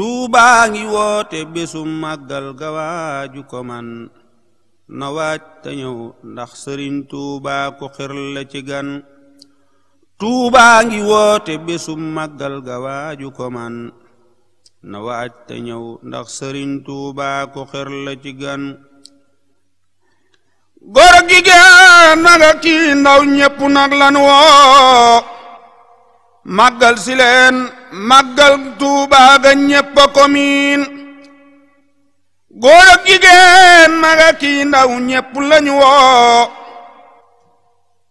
tuubaa ngi woote bésu màggal gawaaju ko man na waaj te ñëw ndax sëriñ tuubaa ku xir la ngi woote bésu màggal gawaaju ko man na waaj te ñëw ndax sëriñ tuubaa ku xir la ci gan na gi kii ndaw ñépp nag lan woo màggal si leen màggal Tuubaa ga ñépp ko miin góor ak jigéen mag ak i ndaw ñépp lañu woo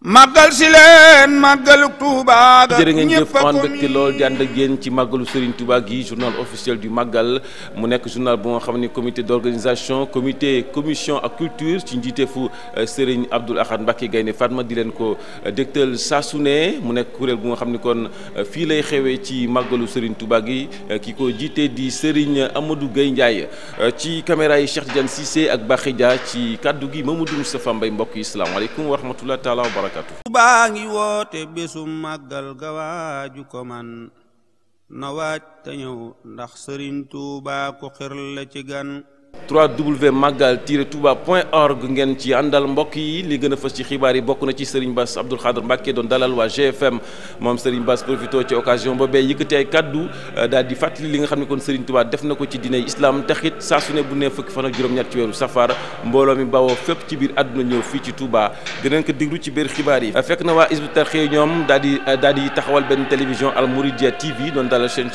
màggal si leen màggalu Touba. jërë ngeen jëf man mbégte lool di ànd ak yéen ci màggalu Serigne Touba gi journal officiel du màggal mu nekk journal bu nga xam ne comité d' organisation comité commission ak culture ci njiiteefu euh, Serigne Abdoul Ahad Mbacké Gaynde Fatma di leen ko euh, dégtal saa su ne mu nekk kuréel bu nga xam ne kon euh, fii lay xewee ci màggalu Serigne Touba gi ki ko jiite di Serigne Amadou Gueye Ndiaye ci caméra yi Cheikh Tidiane Cissé ak Bakhidia ci kaddu gi Mamadou Moustapha Mbaye mbokk yi salaamaaleykum wa rahmatulah taala wa wabarakatuh ngi woote bésu màggal gawaaju ko man na waaj te ñëw ndax sëriñ Tuubaa ko xir la ci gan 3w màggal tiire touba point org ngeen ci àndal mbokk yi li gën a fës ci xibaar yi bokk na ci Serigne Bass Abdoul Khadr Mbacké doon dalal waa GFM moom Serigne Bass profito ci occasion ba bee ay kaddu euh, daal fàttali li nga xam ne kon Serigne Touba def na ko ci dinay islam taxit saa su ne bu nee fukki fan juróom-ñett ci weeru safar mbooloo mi bawoo fépp ci biir àdduna ñëw fii ci Touba dinañ ko diglu ci biir xibaar yi fekk na waa Hizbut Tarqiyyah ñoom daal di euh, daal di taxawal benn télévision Al Mouridiyyah TV doon dalal seen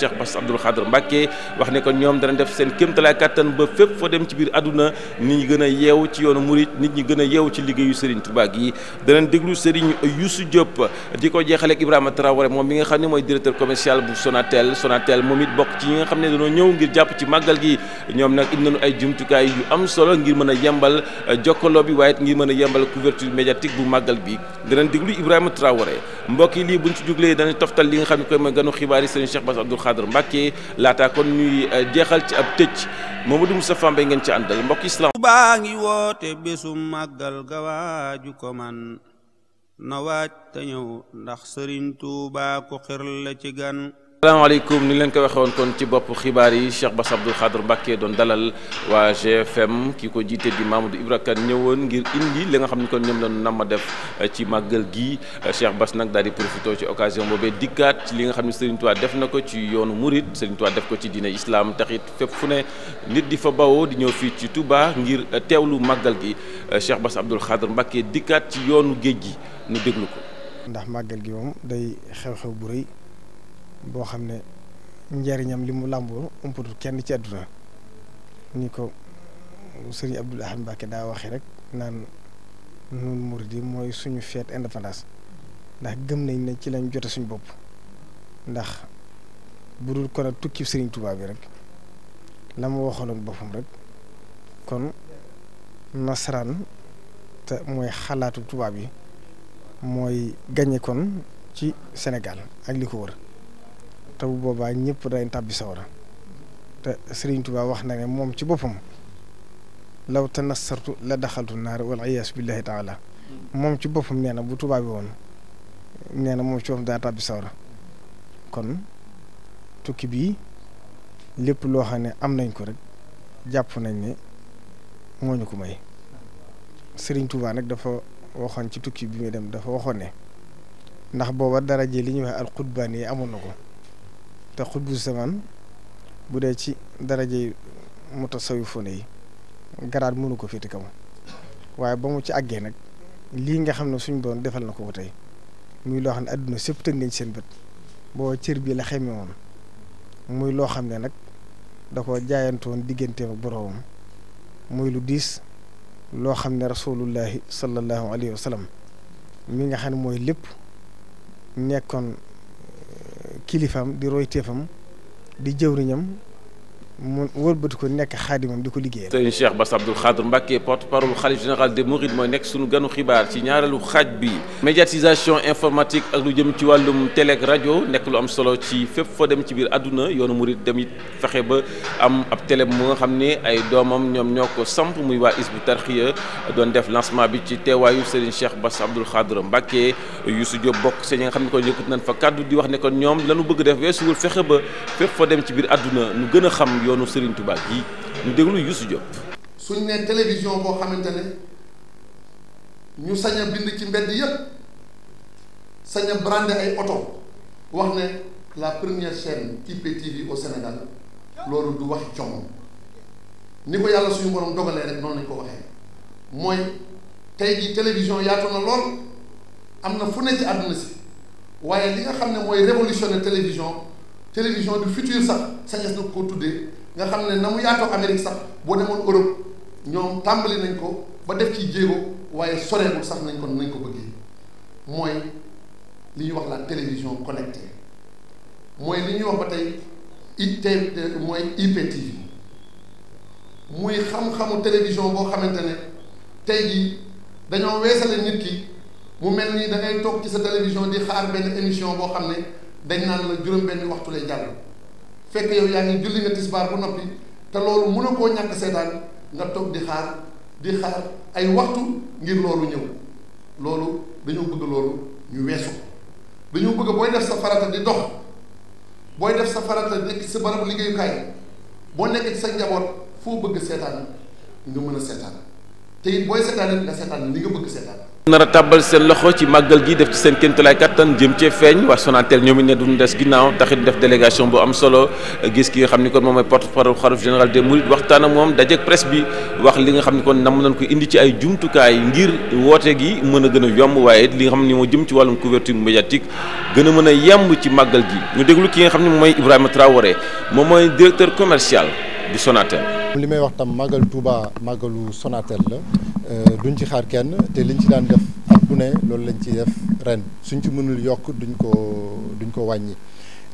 dem ci biir àdduna nit ñi gën a yeew ci yoonu murit nit ñi gën a yeew ci liggéeyu Serigne Touba gi danañ déglu Serigne Youssou Diop di ko jeexale ak Ibrahima Traoré moom mi nga xam ne mooy directeur commercial bu Sonatel Sonatel moom it bokk ci ñi nga xam ne danoo ñëw ngir jàpp ci màggal gi ñoom nag indi nañu ay jumtukaay yu am solo ngir mën a yembal euh, jokkaloo bi waaye it ngir mën a yembal couverture médiatique bu màggal bi danañ déglu Ibrahima Traoré mbokk yi lii buñ ci juglee danañ toftal li nga xam ne koy mooy ganu xibaar yi Serigne Cheikh Bass Abdoul Khadr Mbacké laataa kon ñuy euh, jeexal ci ab tëj Mamadou Moustapha Mbaye ngeen ci àndal mbokk islam baa ngi woote bésum màggal gawaaju ko man na waaj te ñëw ndax sëriñ Tuubaa ko xër la ci gan salaamaaleykum ni leen ko waxee kon ci bopp xibaar yi Cheikh Bass Abdou Khadre Mbacké doon dalal waa GFM ki ko jiite di du Ibra Kane ñëwoon ngir indi li nga xam ni kon ñoom la nama def eh, ci màggal gi eh, Cheikh bas nag daal di profité ci occasion boobee dikkaat ci li nga xam ne Serigne Touba def na ko ci yoonu murit Serigne Touba def ko ci diine islam taxit fépp fu ne nit di fa bawoo di ñëw fii ci tubaa ngir eh, teewlu màggal gi Cheikh Bass Abdou Khadre Mbacké dikkaat ci yoonu géej gi ñu déglu ko. ndax màggal gi moom day xew bu rëy. boo xam ne njariñam li mu làmboo ëmpatul kenn ci àdduna ni ko sëriñ Abdoul Ahad Mbacké daa waxee rek naan nun Mouride mooy suñu feet indépendance ndax gëm nañ ne ci lañ jote suñu bopp ndax bu dul kon a tukki sëriñ Touba bi rek la ma waxaloon boppam rek kon nasaraan te mooy xalaatu tubaab yi mooy gañe kon ci senegal ak li ko wër te bu boobaa ñëpp dañ tàbbi sawra te sëriñ Touba wax na ne moom ci boppam law tanassartu la daxaltu naar wal iyaas billahi taala moom ci boppam nee na bu Touba bi woon nee na moom ci boppam daa tàbbi sawra kon tukki bii lépp loo ne am nañ ko rek jàpp nañ ne moo ko may sëriñ Touba nag dafa waxoon ci tukki bi muy dem dafa waxoon ne ndax booba daraje li ñuy wax alxutbaan yi amoon na ko te xutbu zaman bu dee ci daraje mutasawwifoon yi garaat mënu ko féete kaw waaye ba mu ci àggee nag lii nga xam ne suñ boon defal na ko ba tey muy loo xam ne adduna sépp tëg nañ seen bët boo cër bii la xeme woon muy loo xam ne nag da ko jaayantoon digganteem ak boroomam muy lu diis loo xam ne rasulullahi sallallahu alayhi wa sallam mi nga xam ne mooy lépp nekkoon kilifaam di roy teefam di jëwriñam mu wëlbati ko nekk xaadimam di ko liggéeyal. sëriñ Cheikh Bass Abdou Khadre Mbacké porte-parole xalif général des Mourides mooy nekk sunu ganu xibaar ci ñaareelu xaaj bi. médiatisation informatique ak lu jëm ci wàllum télé ak rajo nekk lu am solo ci fépp foo dem ci biir àdduna yoonu dem damit fexe ba am ab télé mu nga xam ne ay doomam ñoom ñoo ko samp muy waa Hizbu Tarxiya doon def lancement bi ci teewaayu sëriñ Cheikh Bass Abdou Khadre Mbacké Youssou Diop bokk si ñi nga xam ne kon nañ fa kàddu di wax ne kon ñoom lanu bëgg def weesuwul fexe ba fépp foo dem ci biir àdduna ñu gën a xam yoonu Serigne Touba yi ñu déglu Youssou Diop. suñ ne télévision boo xamante ne ñu saña a bind ci mbedd yëpp sañ a brandé ay oto wax ne la première chaîne IPTV au Sénégal loolu du waxi coono ni ko yàlla suñu borom dogalee rek noonu lañ ko waxee mooy tey jii télévision yaatu na lool am na fu ne ci àdduna si waaye li nga xam ne mooy révolutionner télévision. télévision du futur sax sañes na ko tuddee nga xam ne na mu yaatoo Amérique sax boo demoon Europe ñoom tàmbali nañ ko ba def ci jéego waaye soreegul sax nañ ko nañ ko bëggee mooy li ñuy wax la télévision connectée mooy li ñuy wax ba tey IT mooy yi muy xam-xamu télévision boo xamante ne tey jii dañoo weesale nit ki mu mel nii da ngay toog ci sa télévision di xaar benn émission boo xam ne dañ naan la juróom-benn waxtu lay jàll fekk yow yaa ngi julli nga tisbaar bu noppi te loolu mën a koo ñàkk seetaan nga toog di xaar di xaar ay waxtu ngir loolu ñëw loolu dañoo bëgg loolu ñu weesu dañoo bëgg booy def sa farata di dox booy def sa farata nekk sa barab liggéeyukaay boo nekkee sa njaboot foo bëgg seetaan nga mën a seetaan te it booy seetaan it nga seetaan li nga bëgg seetaan nar a tàbbal seen loxo ci màggal gi def ci seen kéemtalaay kattan jëm cee feeñ waa Sonatel ñoom it ne duñ des ginnaaw taxit def délégation bu am solo gis ki nga xam ni kon moom mooy porte-parole xaruf général des Mourides waxtaan waxtaana moom dajeeg presse bi wax li nga xam ni kon nam nañ ko indi ci ay jumtukaay ngir woote gi mën a gën a yomb waaye li nga xam ni moo jëm ci wàllum couverture médiatique gën a mën a yemb ci màggal gi ñu déglu ki nga xam ni moom mooy Ibrahima Traoré moom mooy directeur commercial du Sonatel. li may wax tam màggal Touba màggalu Sonatel la. Euh, duñ ci xaar kenn te liñ ci daan def at bu ne loolu lañ ci def ren suñ ci mënul yokk duñ ko duñ ko wàññi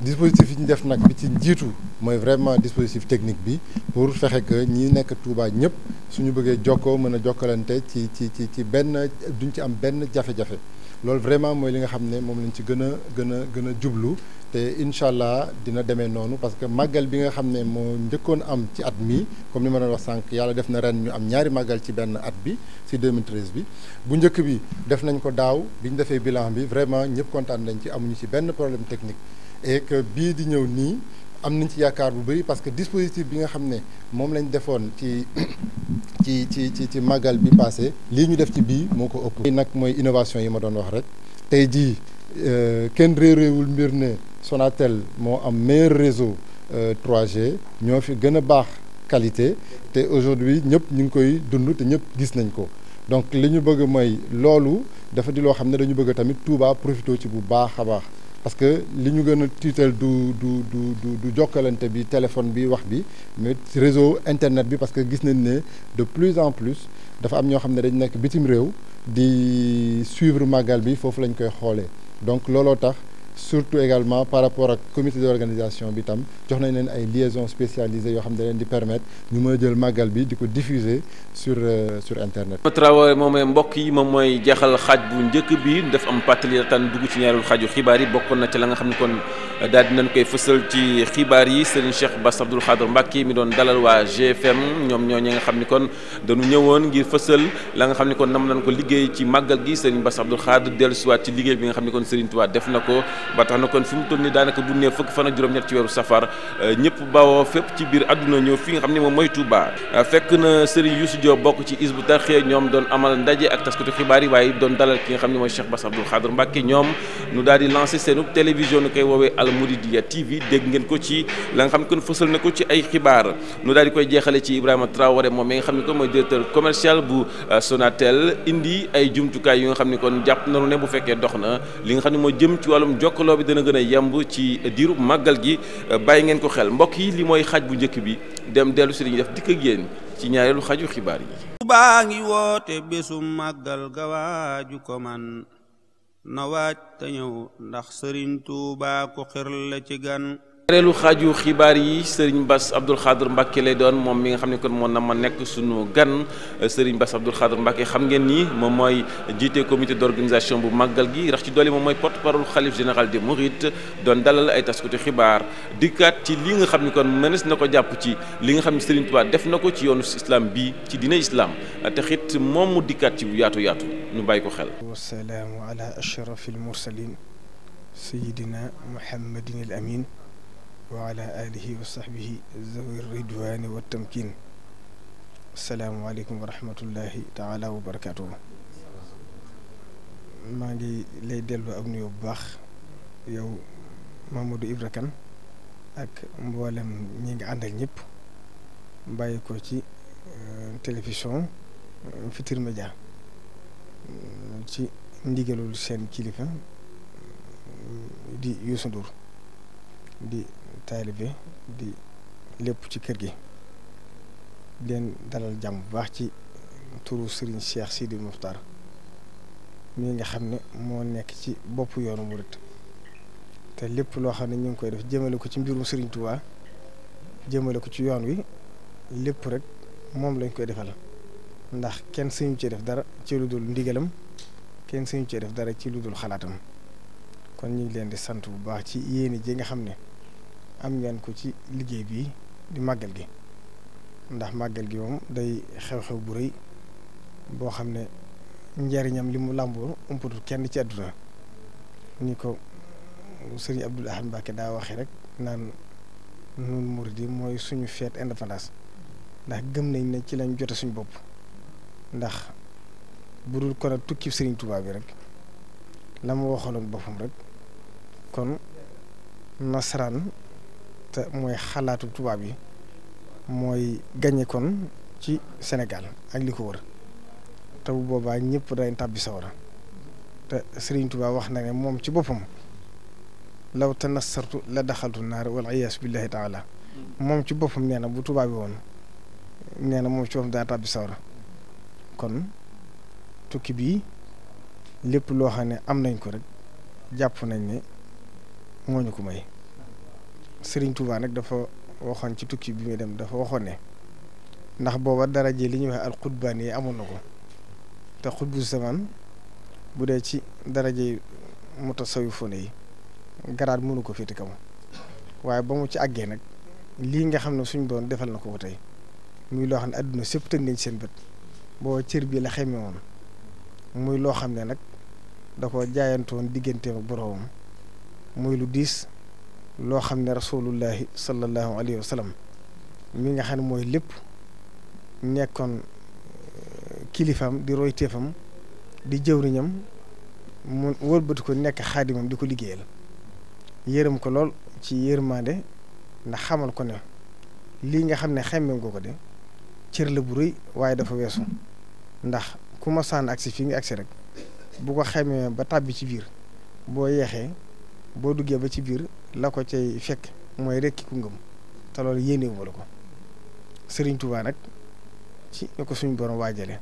dispositif yi ñu def nag bi ci jiitu mooy vraiment dispositif technique bi pour fexe que ñi nekk Touba ñëpp ñu bëggee jokkoo mën a jokkalante ci ci ci ci benn duñ ci am benn jafe-jafe loolu vraiment mooy li nga xam ne moom lañ ci gën a gën a gën a jublu te incha allah dina demee noonu parce que màggal bi nga xam ne moo njëkkoon am ci at mi comme ni ma doon wax sànq yàlla def na ren ñu am ñaari màggal ci benn at bi si 2013 bi bu njëkk bi def nañ ko daaw bi ñu defee bilan bi vraiment ñëpp kontaan nañ ci amuñu ci benn problème technique et que bii di ñëw nii am nañ ci yaakaar bu bëri parce que dispositif bi nga xam ne moom lañ defoon ci ci ci ci ci màggal bi passé lii ñu def ci bii moo ko ëpp. nag mooy innovation yi ma doon wax rek tey jii euh, kenn réeréewul mbir ne Sonatel moo am meilleur réseau euh, trois g ñoo fi gën a baax qualité te aujourd'hui ñëpp ñu ngi koy dund te ñëpp gis nañ ko donc li ñu bëgg mooy loolu dafa di loo xam ne dañu bëgg tamit Touba profité ci bu baax a baax. parce que li ñu gën a tiital du du du du du jokkalante bi téléphone bi wax bi mais réseau internet bi parce que gis nañ ne de plus en plus dafa am ñoo xam ne dañ nekk bitim réew di suivre màggal bi foofu lañ koy xoolee donc looloo tax. surtout également par rapport ak comité d'organisation bi tam jox nañ leen ay liaisons spécialisé yoo xam ne leen di permettre ñu mën jël màggal bi di ko diffuser sur euh, sur internet. Traoré moom mbokk yi moom mooy jeexal xaaj bu njëkk bi def am pàttali daan dugg ci ñaareelu xaaju xibaar yi bokkoon na ci la nga xam ne kon euh, daal dinañ koy fësal ci xibaar yi Serigne Cheikh Bass Abdoul Khadr Mbacké mi doon dalal waa GFM ñoom ñoo ñi nga xam ni kon dañu ñëwoon ngir fësal la nga xam ni kon nam nañ ko liggéey ci màggal gi Serigne Bass Abdoul Khadr dellusiwaat ci liggéey bi nga xam kon Serigne Touba def na ko ba tax na kon fi mu toll nii daanaka bu nee fukk fan ak juróom-ñett ci weeru safar euh, ñëpp bawoo fépp ci biir àdduna ñëw fi nga xam ne moom mooy Touba euh, fekk na Serigne Youssou Diop bokk ci Hizbut Tarqiyyah ñoom doon amal ndaje ak taskatu xibaar yi waaye doon dalal ki nga xam ne mooy Cheikh Bass Abdoul Khadr Mbacké ñoom nu daal di lancé seenu nu koy woowee Al Mouridiyyah TV dégg ngeen ko ci la nga xam ne kon fësal na ko ci ay xibaar nu daal di koy jeexale ci Ibrahima ne kon mooy directeur commercial bu euh, Sonatel indi ay jumtukaay yu nga xam ne kon jàpp nanu ne bu dox na li nga xam ne jokkaloo bi dana gën a yemb ci diiru màggal gi euh, bàyyi ngeen ko xel mbokk yi li mooy xaj bu njëkk bi dem dellu si li ñuy def dikk ak yéen ci ñaareelu xaju xibaar yi. Tuubaa ngi woote bésu màggal gawaaju ko man na waaj te ñëw ndax Sëriñ Tuubaa ko xër la ci gan. ñaareelu xaaju xibaar yi Serigne Bass Abdoul Khadr Mbacké lay doon moom mi nga xam ne kon moo na ma nekk sunu gan Serigne Bass Abdoul Khadr Mbacké xam ngeen ni moom mooy jiite comité d'organisation bu màggal gi rax ci doole moom mooy porte-parole xalif général des Mourides doon dalal ay taskatu xibaar dikkaat ci li nga xam ne kon mënees na ko jàpp ci li nga xam ne Serigne Touba def na ko ci yoonu islam bi ci dina islam te xit moom mu dikkaat ci bu yaatu yaatu ñu bàyyi ko xel. wa salaamu ala ashrafil mursalin sayyidina Muhammadin al amin wa ala alihi wa sahbihi zawi ridwani wa tamkin asalaamualeykum wa rahmatullahi taala wa barakatuhu maa ngi lay dellu ab nuyoo bu baax yow Mamadou Ibra Kane ak mboolem ñi nga àndal ñëpp bàyyi ko ci euh, télévision euh, Futurs Médias ci ndigalul seen kilifa euh, di Youssou Ndour di taalibe di lépp ci kër gi leen dalal jàmm bu baax ci turu Serigne Cheikh Sidi Mouftar mii nga xam ne moo nekk ci bopp yoonu murit te lépp loo xam ne ñu ngi koy def jëmale ko ci mbirum Serigne Touba jëmale ko ci yoon wi lépp rek moom lañ koy defal ndax kenn suñu cee def dara ci lu dul ndigalam kenn suñu cee def dara ci lu dul xalaatam kon ñu ngi leen di sant bu baax ci yéene ji nga xam ne. am ngeen ko ci liggéey bi di màggal gi ndax màggal gi moom day xew-xew bu rëy boo xam ne njariñam li mu làmboo umpatul kenn ci àdduna ni ko sëriñ Abdul Ahad Mbacke daa waxee rek naan nun Mouride mooy suñu fête indépendance ndax gëm nañ ne ci lañ jote suñu bopp ndax bu dul kon a tukki sëriñ Touba bi rek la mu waxaloon boppam rek kon nasaraan te mooy xalaatu tubaab yi mooy gañe kon ci Sénégal ak li ko wër te bu boobaa ñëpp dañ tàbbi sawara te sëriñ Touba wax na ne moom ci boppam law tanassartu la daxaltu naar wal iyaas billahi taala moom ci boppam nee na bu tubaab bi woon nee na moom ci boppam daa tàbbi sawara kon tukki bii lépp loo ne am nañ ko rek jàpp nañ ne moo ko may. Serigne Touba nag dafa waxoon ci tukki bi muy dem dafa waxoon ne ndax booba daraje li ñu wax alxutbaan yi amoon na ko te xutbu zaman bu dee ci moto daraje mutasawwifoon yi garaat mënu ko féete kaw waaye ba mu ci àggee nag lii nga xam ne suñ doon defal na ko ko tey muy loo xam ne àdduna sépp tënk nañ seen bët booba cër bi la xeme woon muy loo xam ne nag da ko jaayantoon digganteem ak boroomam muy lu diis loo xam ne rasulullahi sallallahu alayhi wa sallam mi nga xam ne mooy lépp nekkoon eh, kilifaam di royteefam di jëwriñam mu wëlbati ko nekk xaadimam di ko liggéeyal yërëm ko lool ci yërmande ndax xamal ko ne lii nga xam ne xemmem ko ko de cër la bu rëy waaye dafa weesu ndax ku ma sànn agsi fii nga agsi rek bu ko xemee ba tàbbi ci biir boo yeexee boo duggee ba ci biir la ko cay fekk mooy rekki ku ngëm te loolu yéenewuma la ko sëriñ Tuubaa nag ci ni ko suñ borom waajale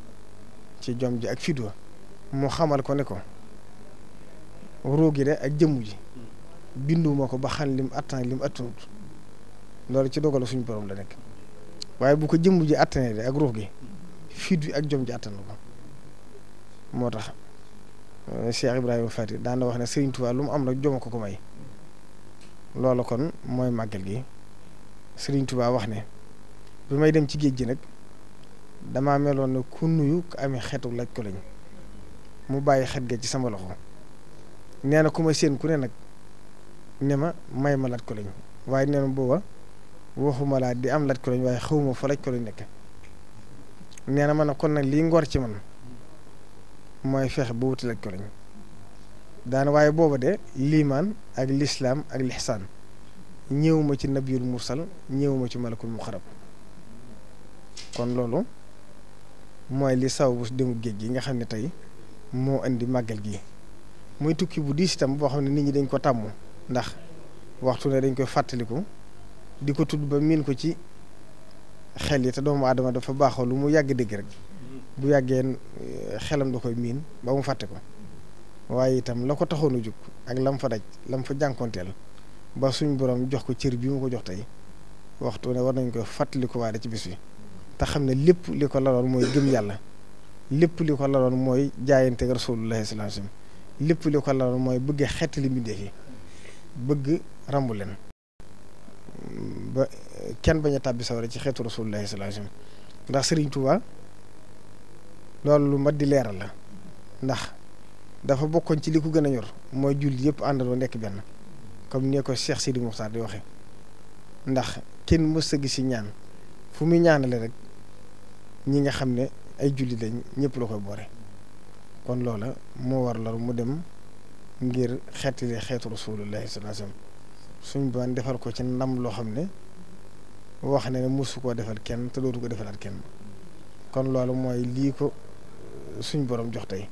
ci jom ji ak fidwa mu xamal ko ne ko ruu gi de ak jëmm ji binduma ko ba xam lim attan lim attanut loolu ci dogalu suñu borom la nekk waaye bu ko jëmm ji attanee de ak ruux gi fit wi ak jom ji attan ko moo tax Cheikh Ibrahima Fati daan na wax ne Serigne Touba lu mu am na jom ko ko may loolu kon mooy màggal gi Serigne Touba wax ne bi may dem ci géej gi nag damaa meloon ne ku nuyu amee xetu laj ko lañ mu bàyyi xet ga ci sama loxo nee na ku ma séen ku ne nag ne ma may ma laj ko lañ waaye nee na booba waxuma laa di am laj ko lañ waaye xawma fa laj ko lañ nekk nee na ma ne kon nag lii ngor ci man mooy fexe ba wuti laj ko lañ daana waaye booba de liimaan ak lislaam ak lixsaan ñëwuma ci nabiyul mursal ñëwuma ci malakul muqarab kon loolu mooy li saw bu demu géej gi nga xam ne tey moo indi màggal gi muy tukki bu diis itam boo xam ne nit ñi dañ ko tàmm ndax waxtu ne dañ koy fàttaliku di ko tudd ba miin ko ci xel yi te doomu aadama dafa baaxoo lu mu yàgg dégg rek bu yàggee eh, xelam da koy miin ba mu fàtte ko waaye itam la ko taxoon a jóg ak lam fa daj lam fa jànkoonteel ba suñ borom jox ko cër bi mu ko jox tey waxtu ne war nañ ko fàttali ko waare ci bis bi te xam ne lépp li ko laloon mooy yàlla lépp li ko laloon mooy jaayante ak rasulullahi lépp li ko laloon mooy bëgg xettali mbindeef yi bëgg rambu leen ba bañ a tàbbi sawara ci xeetu rasulullahi sallallahu alayhi ndax Serigne Touba loolu lu mat di leeral la ndax dafa bokkoñ ci li ko gën a ñor mooy jullit yëpp àndandoo nekk benn comme ni ko Cheikh Sidi Moukhtar di waxee ndax kenn mës a gis si ñaan fu muy ñaanale rek ñi nga xam ne ay jullit lañ ñëpp loo koy boore kon loola moo war lor mu dem ngir xeetile xeetu rasulullahi sallallahu alayhi wasallam suñ baan defal ko ci ndam loo xam ne wax ne ne mosu koo defal kenn te dootu ko defalaat kenn kon loolu mooy lii ko suñ borom jox tey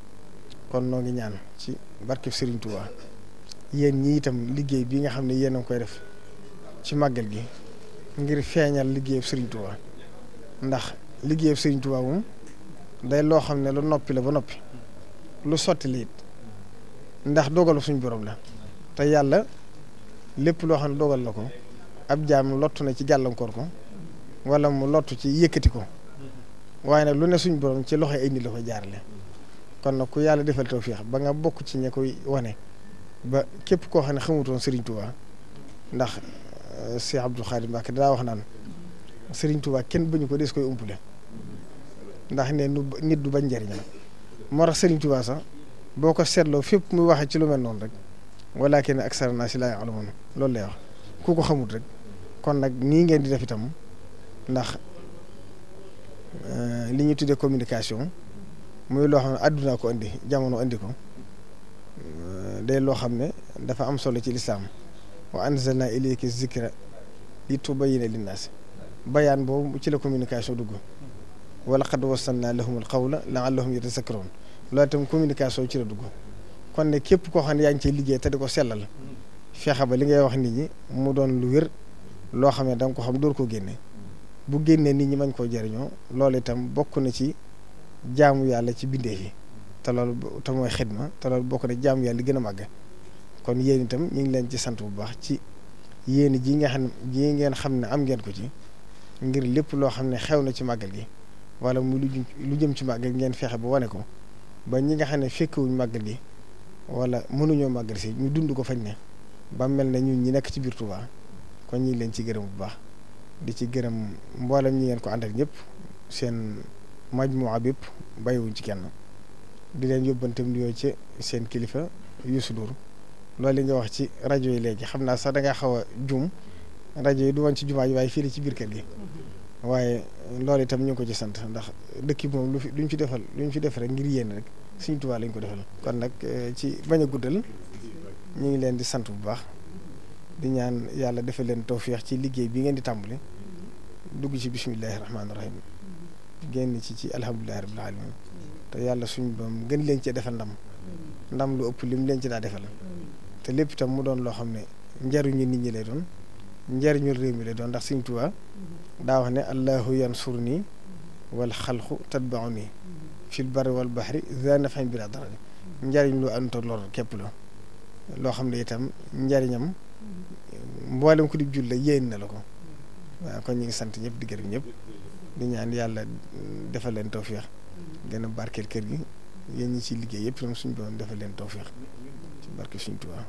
kon noo ngi ñaan ci barkeb Serigne Touba yéen ñi itam liggéey bi nga xam ne yéen a koy def ci màggal gi ngir feeñal liggéeyub Serigne ndax liggéeyub Serigne Touba moom day loo xam ne lu noppi la ba noppi lu sotti la it ndax dogalu suñ borom la te yàlla lépp loo xam ne dogal la ko ab mu lottu na ci gàllankoor ko wala mu lottu ci yëkkati ko waaye nag lu ne suñ borom ci loxo ay nit la ko jaarale. kon nag ku yàlla defal tawféex ba nga bokk ci ña koy wane ba képp koo xam ne xamutoon Serigne Touba ndax euh, Cheikh Abdou Khadim Mbacké daa wax naan Serigne Touba kenn bañu ko des koy umpule ndax ne nit du bañ njëriñam moo tax Serigne Touba sax boo ko seetloo fépp muy waxee ci lu mel noonu rek walakin aksara naasi laa ya'lamuun loolu lay wax ku ko xamut rek kon nag nii ngeen di def itam ndax euh, li ñu tuddee communication. muy loo xam ne àdduna ko indi jamono indi ko day loo xam ne dafa am solo ci lislaam wa anzalna ilayka zikra li tubayyina linnaas bayaan boobu ci la communication dugg wala qad wassalna lahum alqawla laallahum yatazakkaroon loolu itam communication ci la dugg kon ne képp koo xam ne yaa ngi ciy liggéey te di ko sellal fexe ba li ngay wax nit ñi mu doon lu wér loo xam ne da ko xam dóor ko génne bu génnee nit ñi mañ koo jariñoo loolu itam bokk na ci jaamu yàlla ci bindee yi te loolu te mooy xidma te loolu bokk na jaamu yàlla li gën a màgg kon yéen itam ñu ngi leen ci sant bu baax ci yéen ji nga xam ji ngeen xam ne am ngeen ko ci ngir lépp loo xam ne xew na ci màggal gi wala mu lu jëm ci màgg ngeen fexe ba wane ko ba ñi nga xam ne fekkewuñ màggal gi wala mënuñoo màggal si ñu dund ko fañ ne ba mel na ñu ñu nekk ci biir Touba kon ñi leen ci gërëm bu baax di ci gërëm mboolem ñi ngeen ko àndal ñëpp seen. majmuwa bépp bàyyiwuñ ci kenn di leen yóbbantam nuyoo ci seen kilifa Youssou Ndour loolu li nga wax ci rajo yi léegi xam naa sax danga nga xaw a juum rajo yi du woon ci jumaa ji waaye fii ci biir kër gi mm-hmm. waaye loolu itam ñu ko ci sant ndax dëkk bi moom lu fi luñ fi defal ñu fi def rek ngir yéen rek Sëriñ Tuubaa lañ ko defal kon nag eh, ci bañ a guddal ñu ngi leen di sant bu baax di ñaan yàlla defal leen tawféex ci liggéey bi ngeen di tàmbali mm-hmm. dugg ci bismillaahi rahmaani rahim génn ci ci alhamdulilah rabbil alamin te yàlla suñu bam gën leen ci defal ndam ndam lu ëpp lim leen ci daa defal te lépp itam mu doon loo xam ne njariñu nit ñi lay doon réew mi lay doon ndax Sëriñ Tuubaa daa wax ne allahu yansurni wal xalqu tatbauni fil barri wal bahri bi laa njariñ lu anto lor képp la loo xam ne itam njariñam mboole ku di jul la yéen na la ko waaw kon ñu ngi sant ñëpp di gërëm ñëpp di ñaan yàlla defal leen tawféex gën a barkeel kër gi yéen ñi ci liggéey yëpp itam suñu borom defal leen tawféex ci barke Sëriñ Tuubaa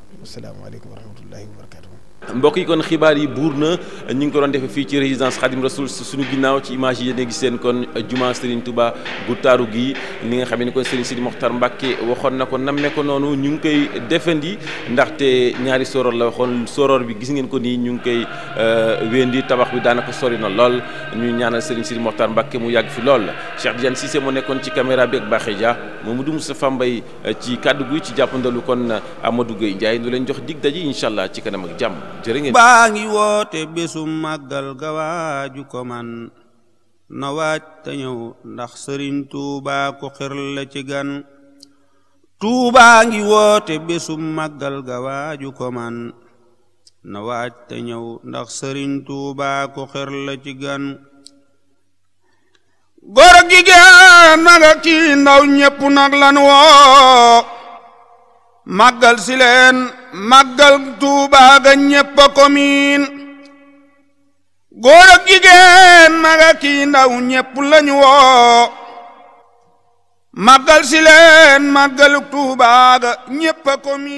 yi kon xibaar yi buur na ñu ngi ko doon defee fii ci résidence Khadim Rasoul suñu ginnaaw ci image yi yéen a gis seen kon juma Serigne Touba gu taaru gi ni nga xam ne kon Serigne Sidi Mokhtar Mbacke waxoon na ko namme ko noonu ñu ngi koy defandi ndaxte ñaari soror la waxoon soror bi gis ngeen ko nii ñu ngi koy euh, wéndi tabax bi daanaka sori na lool ñu ñaanal Serigne Sidi Mokhtar Mbacke mu yàgg fi lool Cheikh Diane Cissé moo nekkoon ci caméra bi ak Bakhé Dia Mamadou Moustapha Mbaye euh, ci kaddu gi ci jàppandalu kon. Amadou Gueye Ndiaye nu leen jox dig daji incha allah ci kanam ak jàmm jërë ngi woote bésu màggal gawaaju ko man na waaj te ñëw ndax sëriñ Touba ko xir la ci gan. Touba ngi woote bésu màggal gawaaju ko man na waaj te ñëw ndax sëriñ Touba ko xir la ci gan. kii ndaw ñépp nag lan woo màggal si leen màggal Tuubaa ko miin góor ak jigéen mag kii ndaw ñépp lañu woo màggal si leen màggalu Tuubaa ko miin